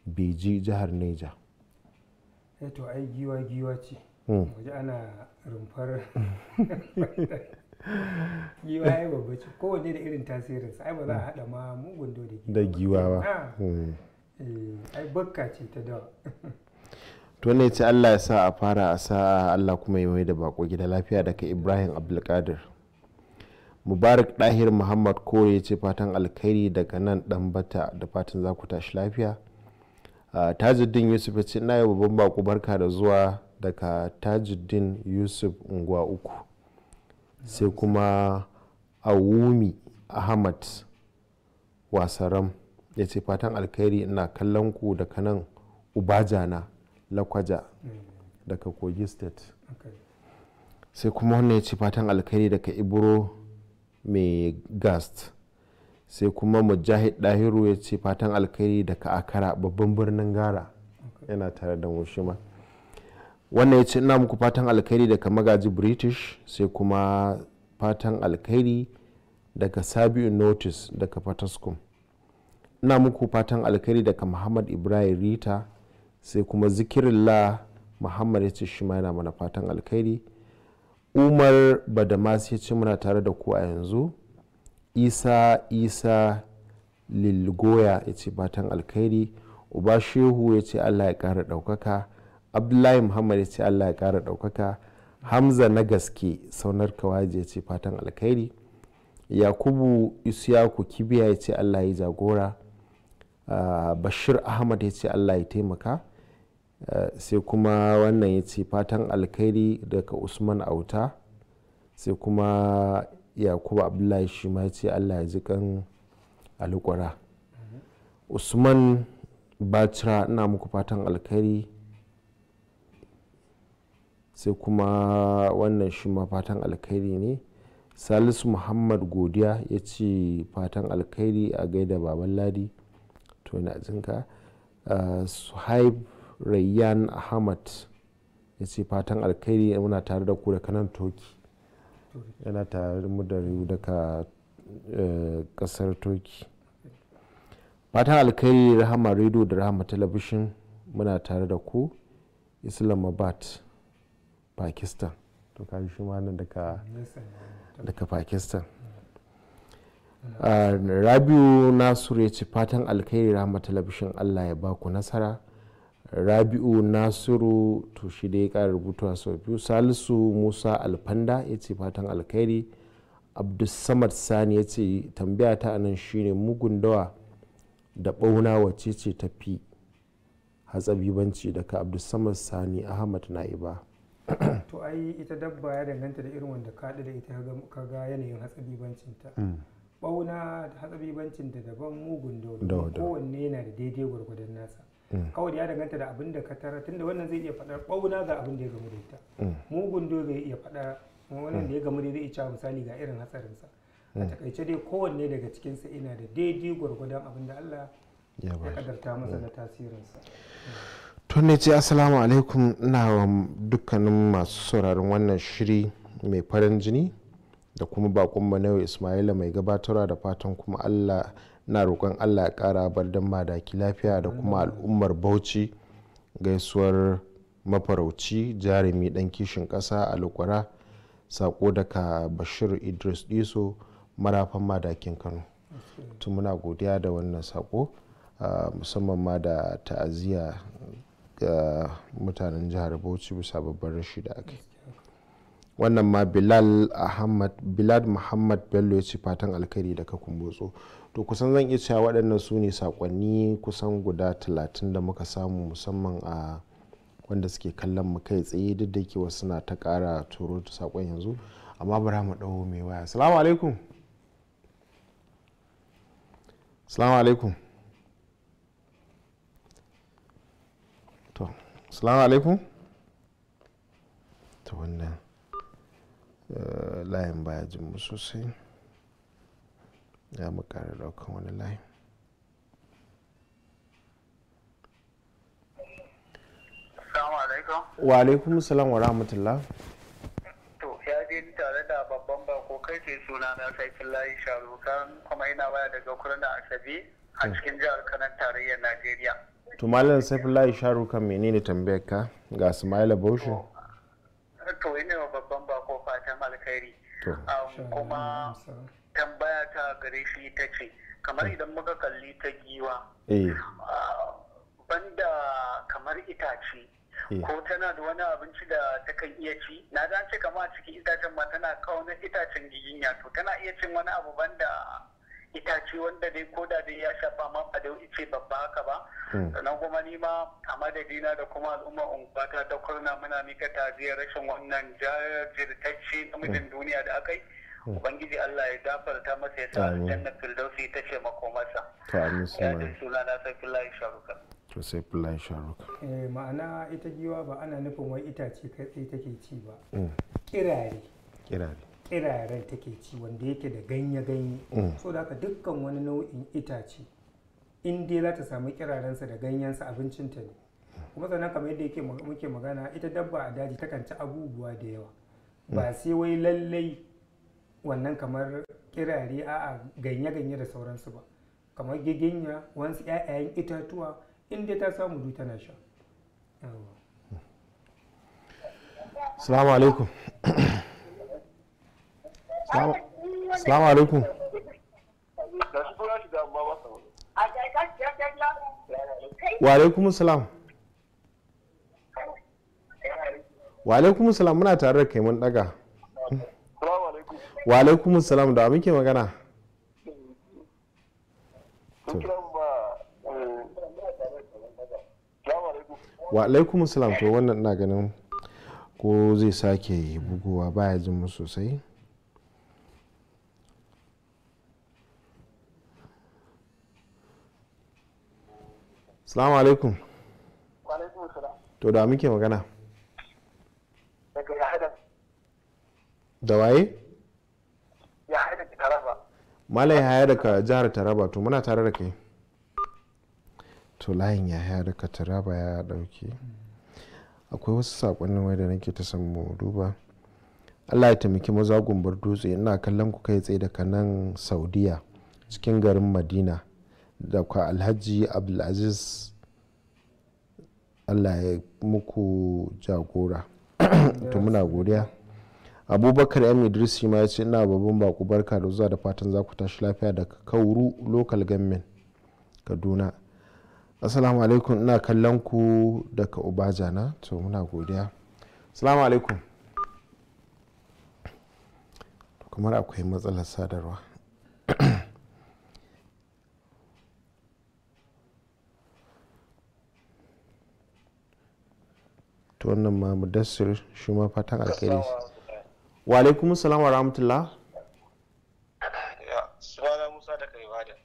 beji jihar neja
eh to ai giwa giwa ce Hmm. waje ana rumfar giwa ya babba ko kowanne da irin tasirinsa sai ba za a haɗa ma mugun da giwa ba ah. hmm. eh, ai bakka ce ta dawa
to ne ce allah ya sa a fara a sa allah kuma yi da bako gida lafiya daga ibrahim abdulkadir mubarak dahir muhammad kore ya ce fatan alkhairi daga nan dan bata da fatan za ku tashi lafiya ah, tajuddin yusuf ya ce na yi babban bako barka da zuwa daga tajuddin yusuf unguwa uku sai kuma awumi ahmad wasaram ya ce fatan alkhairi ina kallon ku daga nan ubajana lakwaja daga kogi state sai kuma wannan ya ce fatan alkhairi daga ibro mai gast sai kuma mujahid dahiru ya ce fatan alkhairi daga akara babban birnin gara yana tare da mushima wannan ya ce ina muku fatan alkhairi daga magaji british sai kuma fatan alkhairi daga sabi'un notice daga fataskum ina muku fatan alkhairi daga muhammad ibrahim rita sai kuma zikirin la muhammad ya ce shi ma yana mana fatan alkhairi umar badamas ya ce muna tare da ku a yanzu isa isa lilgoya ya ce fatan alkhairi uba shehu ya ce allah ya ƙara ɗaukaka abdullahi muhammad ya ce allah ya kara ɗaukaka hamza na gaske saunar kawaji ya ce fatan alkhairi yakubu isyaku kibiya ya ce allah ya jagora ah, bashir ahmad ya ce allah ya taimaka ah, sai kuma wannan ya ce fatan alkhairi daga usman auta sai kuma yakubu abdullahi shi ma ya ce allah ya ji kan alƙura mhm. usman batra ina muku fatan alkhairi sai kuma wannan shi ma fatan alkhairi ne salisu muhammad godiya ya ce fatan alkhairi a gaida baban ladi to na jinka ah, suhaib rayyan ahmad ya ce fatan alkhairi muna tare da ku da kanan toki yana tare mu da daga kasar eh, toki fatan alkhairi rahama radio da rahama talabishin muna tare da ku islamabad pakistan to ka shi ma nan daga pakistan hmm. ah, rabiu nasiru ya ce fatan alkhairi rahama talabishin allah ya baku nasara rabiu nasiru to shi da ya kara rubutuwa sau biyu salisu musa alfanda ya ce fatan alkhairi abdulsamad sani ya ce tambaya ta anan shine mugun dawa da bauna wace ce tafi hatsabibanci daga abdulsamad sani ahmad na'iba
to ai ita dabba ya danganta da irin wanda kaɗi da ita ka ga yanayin hatsabibancinta mm. ɓauna da hatsabibancinta daban mugun dole kowanne yana da daidai gwargwadon nasa mm. kawai ya danganta da abin da ka tara tunda wannan zai iya faɗar ɓauna ga abin da ya gamu da ita mm. mugun dole zai iya faɗa wannan da ya gamu da zai iya misali ga irin hatsarinsa a takaice dai kowanne daga cikinsa ina da daidai gwargwadon abin da Allah ya kadarta masa na
tasirinsa
tunne ce assalamu alaikum ina wa dukkanin masu sauraron wannan shiri mai farin jini da kuma bakon wa ismaila mai gabatarwa da fatan kuma allah na roƙon allah ya ƙara bardan madaki lafiya da kuma al'ummar bauchi gaisuwar mafarauci jarumi ɗan kishin ƙasa a saƙo sako daga bashir idris diso marafan madakin kano tun muna godiya da wannan sako ah, musamman ma da ta'aziyya ga mutanen jihar bauchi bisa babban rashi da aka wannan ma bilal ahmad muhammad bello ya ce fatan da daga kumbotso to kusan zan iya cewa waɗannan su ne sakonni kusan guda talatin da muka samu musamman a wanda suke kallon mu kai tsaye duk da ke wasu ta ƙara turo ta sakon yanzu amma bara mu ɗau mai waya salamu alaikum salamu alaikum ta wannan eh, layin baya jin mu sosai ya mu kara daukan wani layin wa alaikum salam wa rahmatullah to ya je tare da babban
bako kai ke suna na saifin layi sharukan kuma yana baya daga kurin da asabi a hmm. cikin jihar kanan tarayyar
najeriya to malam saifullahi sharukan menene tambayar ka ga sumaila bauchi
to ina wa babban bako fatan alkhairi um, kuma tambaya ta gare
shi ta ce kamar idan muka kalli ta giwa
eh. um,
banda kamar itace eh. ko tana da wani abinci da ta kan iya ci na dace kama a cikin itacen ma tana kawo itacen giginya to tana iya cin wani abu banda itace wanda dai ko da dai ya shafa ma a da ice babba haka ba mm. sannan kuma ni ma a madadina da kuma al'umma unguwata ta kurna muna mika taziyar rashin wannan jajirtacce namijin mm. duniya da aka yi mm. ubangiji Allah ya gafarta masa ya
sa aljanna firdausi ta ce mako masa ya suna na sai fillahi sharuka to sai sharuka
eh, ma'ana ita giwa ba ana nufin wai itace kai tsaye take ci ba kirare kirare tsirarai take ci wanda yake da ganye-ganye mm. so da haka dukkan wani nau'in itace in dai za ta samu kirarensa da ganyensa ta ne kuma sannan kamar yadda yake muke magana ita dabba a daji takan ci abubuwa da yawa mm. ba sai wai lallai wannan kamar kirare a ganye-ganye da sauransu ba kamar giginya wansu 'ya'yan itatuwa in dai ta samu duta na sha
salamu alaikum salamu alaikum wa alaikum salam wa alaikum salam muna tare da kai mun daga wa alaikum salam da muke magana wa alaikum salam to wannan ina ganin ko zai sake buguwa baya jin mu sosai salamu alaikum to da muke magana daga haɗa. da waye
Ya yahadan taraba
malai haɗa daga jihar taraba to muna tare da kai to layin ya yahaya daga taraba ya dauke akwai wasu sakonnin wai da nake ta san mu duba allah ya taimaki maza gumbar dutse ina kallon ku kai tsaye daga nan saudiya cikin garin madina da kwa alhaji abdulaziz allah ya muku jagora to muna godiya abubakar yan idrisi ma ya ce ina babban baku barka da zuwa da fatan za ku tashi lafiya da kauru local government kaduna assalamu alaikum ina kallon ku daga ubaja na to muna godiya assalamu alaikum kamar akwai matsalar sadarwa to wannan ma mudassir shi ma fatan alkhairi wa alaikum salam wa rahmatullah sunana musa daga ibadan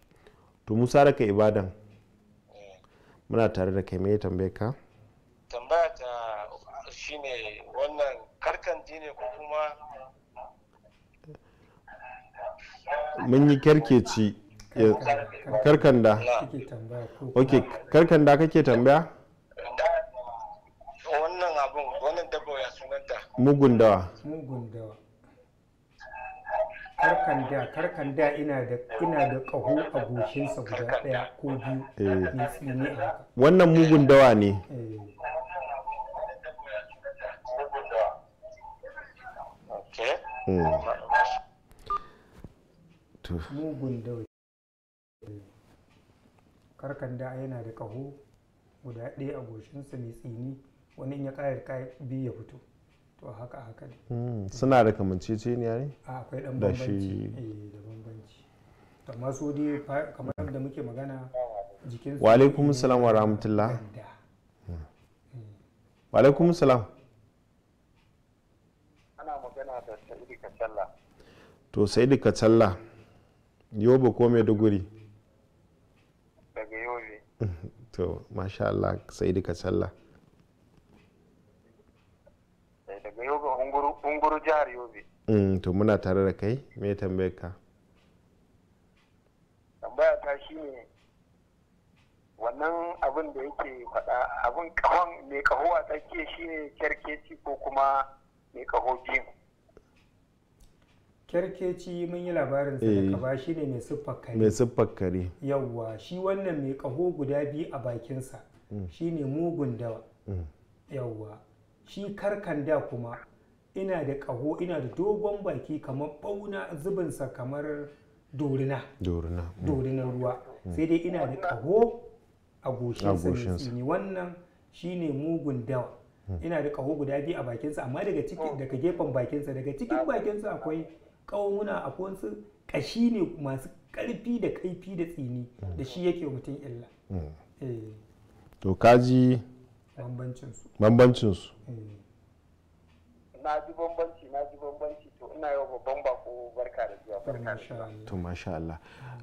to musa daga ibadan eh. muna tare da kai mai tambaye ka
tambaya ta shine wannan karkan
ne ko kuma
mun yi kerkeci karkanda ok karkanda kake tambaya mugun dawa
mugun dawa karkan da ina da ina da kaho a goshinsa guda daya ko biyu eh. tsini a
wannan mugun dawa ne
eh. hmm.
mugun dawa karkan da yana da kaho guda ɗaya a goshinsa mai tsini wani ya ya ƙayar biyu ya fito to haka haka ne
hmm, suna da kamanceceniya ne akwai dan bambanci eh,
da bambanci amma su dai kamar da muke magana jikin wa alaikum
salam wa rahmatullah hmm. wa alaikum salam ana magana da sa'idu kacalla to sa'idu kacalla yobe ko maiduguri daga yobe hmm, to masha Allah sa'idu kacalla
daga yobe unguru jihar yobe
mm, to muna tare da kai me tambayar ka
tambaya ta shi ne wannan abin da yake faɗa abin kawon mai kaho a tsakiya shi ne kyarkeci ko kuma mai kaho biyu kyarkeci mun yi labarin sa eh. ba shi ne mai siffar kare mai siffar kare yawwa shi wannan mai kaho guda biyu a bakinsa mm. shi ne mugun dawa mm. yawwa shi karkan da kuma ina da ƙaho ina da dogon baki kamar ɓauna zubinsa kamar dorina dorinan mm. ruwa mm. sai dai ina da ƙaho a goshinsa ne wannan shine mugun dawa mm. ina da ƙaho guda biyu a bakinsa amma daga cikin daga gefen bakinsa daga cikin bakinsa akwai ƙawuna akwai wasu ƙashi ne masu ƙarfi da kaifi da tsini da shi yake mutum illa eh.
to kaji bambancinsu bambancinsu
eh. na ji bambanci na ji bambanci to ina yau babban bako barka da zuwa barka da zuwa
to masha Allah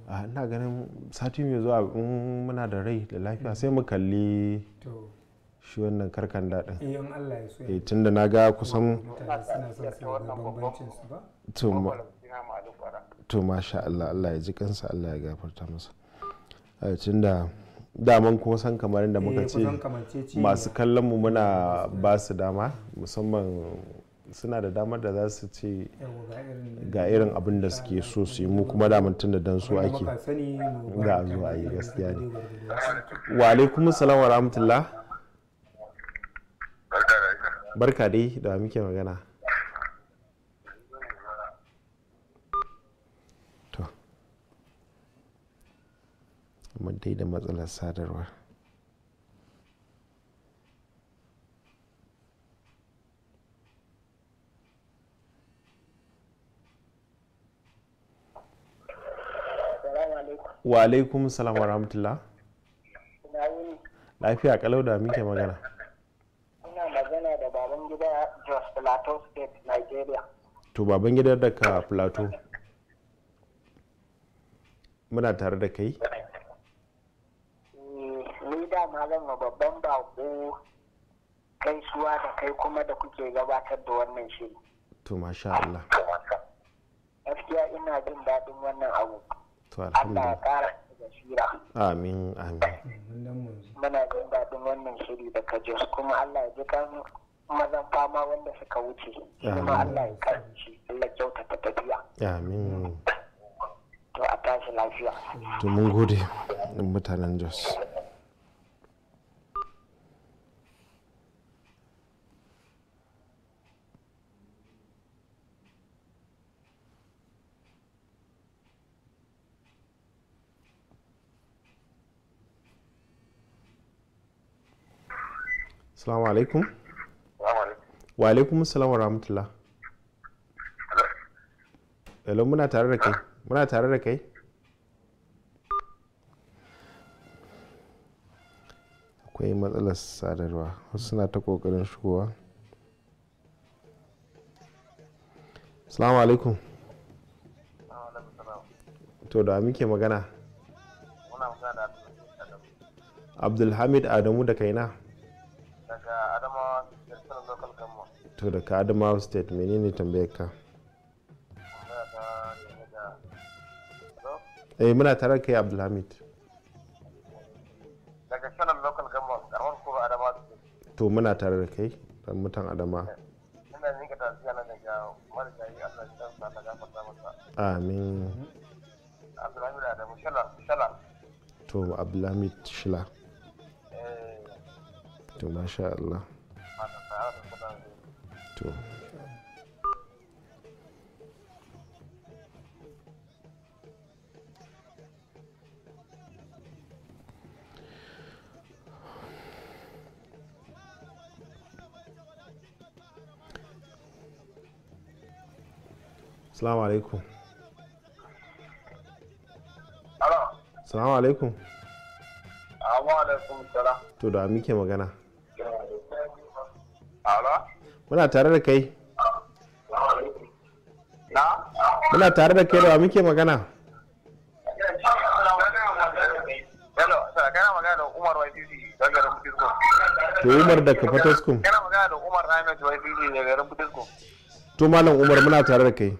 ah, ina ganin sati mai zuwa in muna da rai da lafiya sai mu kalli shi wannan karkan daɗin eh, Allah ya so eh da na ga kusan to masha Allah Allah ya ji kansa Allah ya gafarta masa eh, da daman kuma san kamar da muka eh, ce masu kallon mu muna ba su dama musamman suna da damar da za su ce ga irin abin da suke so su yi mu kuma da mutum da dan su ake ga zuwa yi gaskiya ne wa alaikum salam wa rahmatullah barka dai da muke magana kuma dai da matsalar sadarwa wa alaikum salam wa rahmatullah lafiya kalau da muke magana
ina magana da baban gida jos plateau state nigeria
to baban gida daga plateau muna tare da kai
dama zan ma babban bako kai suwa da kai kuma da kuke gabatar da wannan shi.
To masha Allah.
Gaskiya ina jin daɗin wannan abu.
To alhamdulillah. Allah ya
ƙara basira.
Amin amin.
Muna jin daɗin wannan shiri da ka kuma Allah ya ji
kan mazan fama wanda suka wuce. Kuma
Allah ya karanci Allah
kyautata tafiya. Amin.
To a tashi lafiya. To mun gode
mutanen Jos. salamu alaikum wa alaikum salamu rahmatullah hello muna tare da kai muna tare da kai akwai matsalar sadarwa wasu suna ta kokarin shigowa salamu alaikum to da muke magana abdulhamid adamu da kaina daga adamawa state local government to daga adamawa state menene tambayar ka eh muna tare kai abdulhamid
daga shanan local government karamar kuma adamawa
to muna tare da kai dan mutan adama eh,
ina nika tafiya
na daga marigayi allah ya sa ta gafarta masa amin
abdulhamid adamu shala shala
to abdulhamid shala to masha Allah to Salamu alaikum. Salamu alaikum.
alaikum To da
muke magana. Muna tare da kai.
Muna tare da kai da
muke magana.
To Umar da Kafataskum. Kana magana da Umar Ahmed YBG ne garin Fataskum.
To Malam Umar muna tare da kai.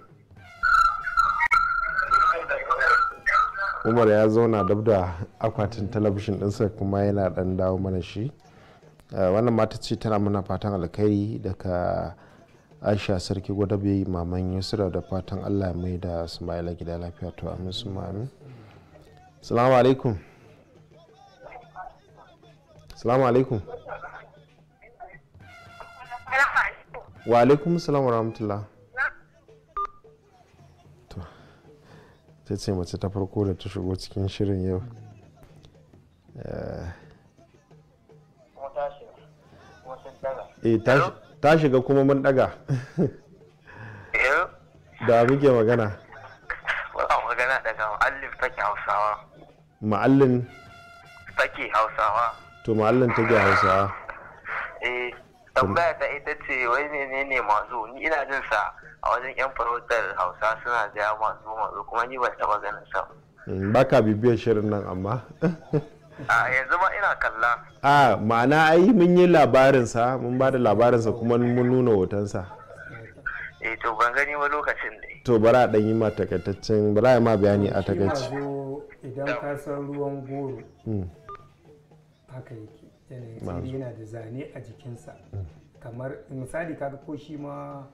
Umar ya zauna dab da akwatin talabishin ɗinsa kuma yana ɗan dawo mana shi. Eh, wannan mata ce tana mana fatan alkhairi daga aisha sarki gwadabe maman yusra da fatan allah mai da sumaila gida lafiya to amin su amin salamu alaikum
salamu alaikum
wa alaikum salamu wa rahmatullah to ta ce mace ta farko da ta shigo cikin shirin yau eh, eh ta shiga kuma mun daga da muke magana
ba magana daga ma'allin
take hausawa
ma'allin
take hausawa
to ma'allin take hausawa eh tambaya ta ita ce wai menene mazu ni ina jin sa a wajen yan farautar hausa suna ja mazu mazu kuma ni ban taba ganin sa baka mm, bibiyar shirin nan amma a yanzu ma ina kalla a ma'ana ai mun yi labarinsa mun ba da labarinsa kuma mun nuna hotonsa
eh to ban gani ba lokacin
ne to bara dan yi ma takaitaccen bara ya ma bayani a takaici
idan ka san ruwan goro mm. haka yake yana da zane a jikinsa kamar misali kaga ko shi ma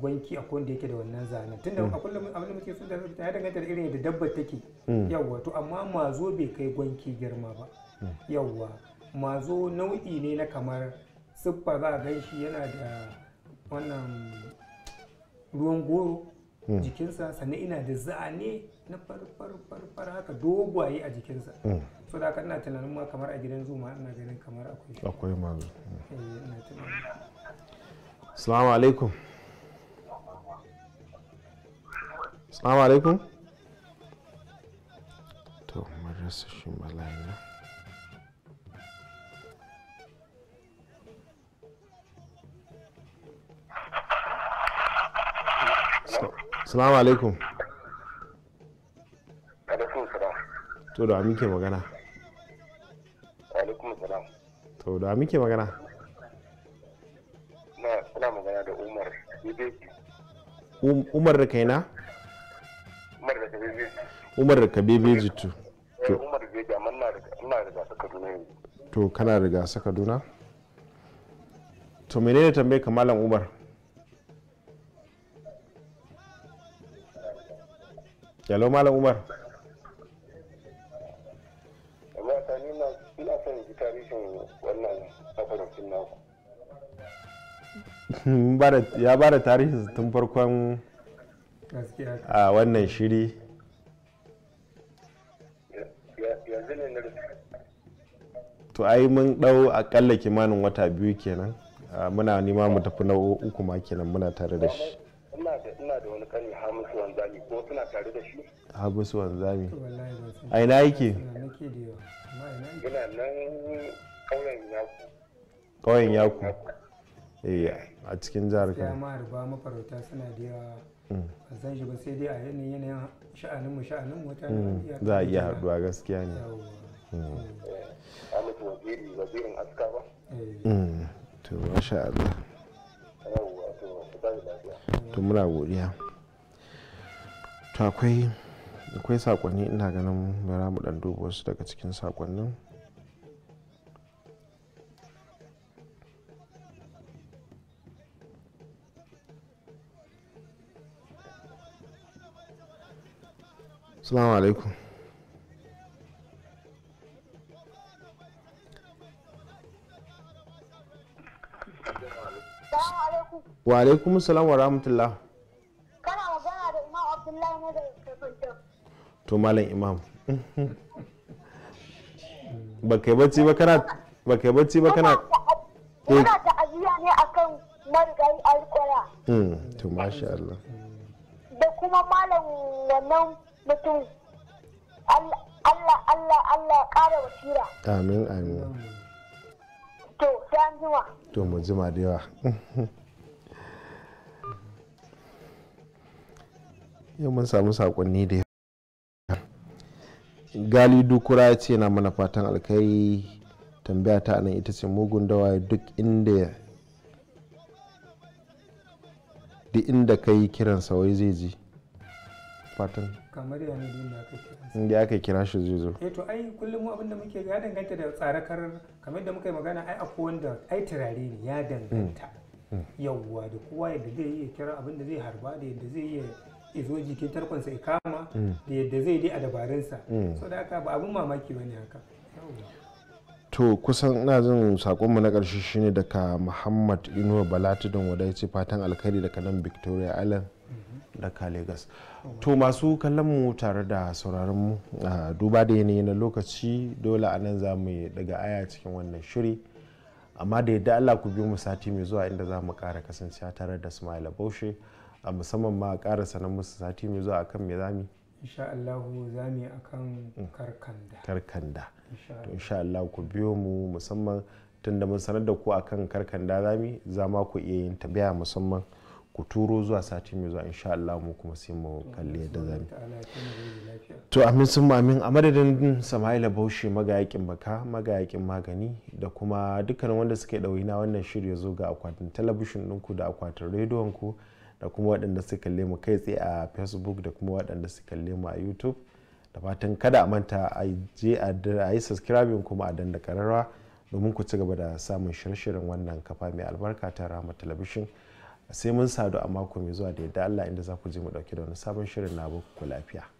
gwanki a kowanda yake da wannan tun tunda mm. a kullum abin da muke so da ya danganta da irin yadda dabbar take mm. yawwa to amma mazo bai kai gwanki girma ba mm. yawwa mazo nau'i ne na kamar siffa za a ganshi yana da wannan ruwan goro jikinsa sannan ina da zane na farfar haka dogwaye a jikinsa so da haka ina tunanin ma kamar a gidan zuma ina ganin kamar akwai akwai mazo eh,
assalamu alaikum Assalamu alaikum. To, mun rasa shi mala'ina. Assalamu alaikum.
Alaikum salam.
To da muke magana.
Alaikum salam.
To da muke magana.
Na, kuna magana da Umar.
Um, Umar da kaina? umar da kabebe umar da kabebe jitu eh, to umar da bebe amma ina riga saka duna yanzu to kana riga saka duna to menene tambaye ka malam umar yalo malam umar ya ba da tarihin tun farkon a wannan shiri to ai mun dau akalla kimanin wata biyu kenan muna nima mu tafi na uku ma kenan muna tare da shi
ina da wani kani hamisu wanzami ko suna tare da shi
hamisu wanzami a yake ina nan yaku yaku eh, a cikin jihar kano
mafarauta suna da yawa a san shi ba sai dai a yanayin sha'anin mu sha'anin mu hmm.
za a iya haɗuwa gaskiya ne hmm. Hmm. Eh, eh. to masha godiya to akwai akwai sakonni ina ganin bara mu dan duba wasu daga cikin sakonnin salamu alaikum wa alaikum salam wa rahmatullah
kana magana da imam abdullahi ne da
to malam imam ba kai bacci ba kana ba kai bacci ba kana kana
ne akan marigayi alkwara
hmm,
da kuma malam wannan mutum Allah Allah Allah ƙara basira
amin amin to ta an jima to mu jima da yawa yau mun samu saƙonni da yawa gali dukura ya ce na mana fatan alkai tambaya ta nan ita ce mugun dawa duk inda duk inda ka yi kiran wai zai ji fatan kamar ya ne da aka kira shi inda aka kira shi zai zo eh
to ai kullum mu abinda muke ya danganta da tsarakar kamar da muka yi magana ai akwai wanda ai turare ne ya danganta hmm. hmm. yawwa da kowa yadda zai iya kira abinda zai harba da yadda zai iya izo jikin tarkonsa ya kama hmm. da yadda zai dai a dabarunsa so da haka ba abin mamaki bane haka
to kusan ina jin sakonmu na ƙarshe shine daga muhammad inuwa balatudin wadai ce fatan alkhairi daga nan victoria island daga lagos to masu kallon mu tare da sauraron mu duba da yanayi na lokaci dole anan nan za mu daga aya cikin wannan shiri amma da yadda allah ku biyo mu sati mai zuwa inda za mu kara kasancewa tare da smile baushe a musamman ma kara sanar musu sati mai zuwa akan mai zami
insha Allah karkanda
mm, karkanda to insha ku biyo mu musamman tunda mun sanar da ku akan karkanda zami za ma ku iya yin tabiya musamman ku turo zuwa sati mai zuwa insha Allah mu kuma sai mu kalli yadda zane to amin sun amin a madadin Sama'ila Bauchi magayakin baka magayakin magani da kuma dukkanin wanda suka yi na wannan shirya zo ga akwatin talabishin ɗinku da akwatin rediyon ku da kuma waɗanda suka kalle mu kai tsaye a facebook da kuma waɗanda suka kalle mu a youtube da fatan kada a manta a je a yi subscribing kuma a danda kararra domin ku ci gaba da samun shirye-shiryen wannan kafa mai albarka ta rama talabishin sai mun sadu a mako mai zuwa da yadda Allah inda za ku je mu dauke da wani sabon shirin na ku lafiya